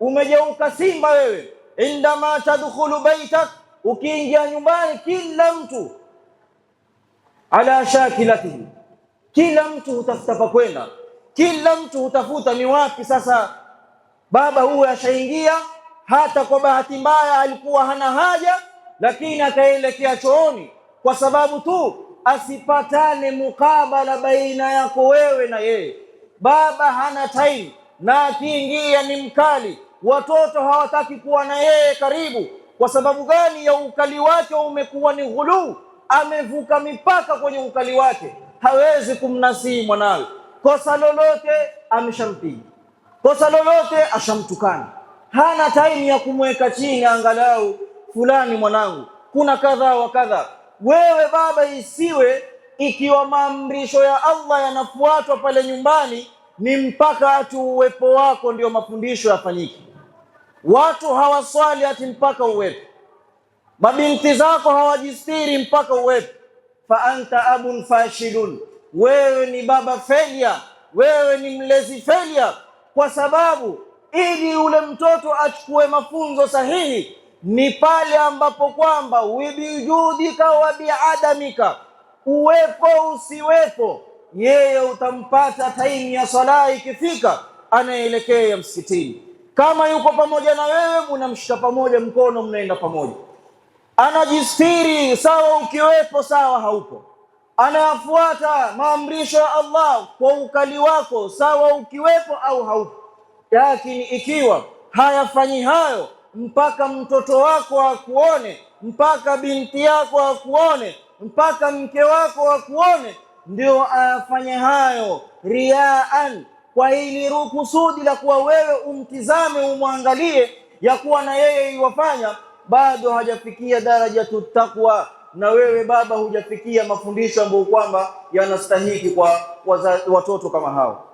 umejeuka simba wewe. Indama tadkhulu baitak, ukiingia nyumbani, kila mtu ala shakilatihi, kila mtu hutafuta pa kwenda, kila mtu hutafuta ni wapi sasa. Baba huyo ashaingia, hata kwa bahati mbaya alikuwa hana haja, lakini akaelekea chooni kwa sababu tu asipatane mukabala baina yako wewe na yeye. Baba hana time na akiingia ni mkali watoto hawataki kuwa na yeye karibu. Kwa sababu gani? Ya ukali wake umekuwa ni ghuluu, amevuka mipaka kwenye ukali wake, hawezi kumnasihi mwanawe. Kosa lolote ameshampiga, kosa lolote ashamtukana, hana taimu ya kumweka chini, angalau fulani, mwanangu, kuna kadha wa kadha. Wewe baba, isiwe ikiwa maamrisho ya Allah yanafuatwa pale nyumbani, ni mpaka hatu uwepo wako ndio mafundisho yafanyike. Watu hawaswali ati mpaka uwepo, mabinti zako hawajistiri mpaka uwepo. Fa anta abun fashilun, wewe ni baba failure, wewe ni mlezi felia, kwa sababu ili ule mtoto achukue mafunzo sahihi ni pale ambapo kwamba wibiujudika wa biadamika, uwepo usiwepo, yeye utampata taimu ya swala ikifika, anaelekea msikitini. Kama yuko pamoja na wewe, mnamshika pamoja mkono, mnaenda pamoja. Anajistiri sawa, ukiwepo sawa, haupo. Anayafuata maamrisho ya Allah kwa ukali wako sawa, ukiwepo au haupo. Lakini ikiwa hayafanyi hayo, mpaka mtoto wako akuone, mpaka binti yako akuone, mpaka mke wako akuone, ndio ayafanye hayo riaan kwa ili kusudi la kuwa wewe umtizame umwangalie, ya kuwa na yeye iwafanya bado hajafikia daraja tutakwa na wewe baba hujafikia mafundisho ambayo kwamba yanastahiki kwa watoto kama hao.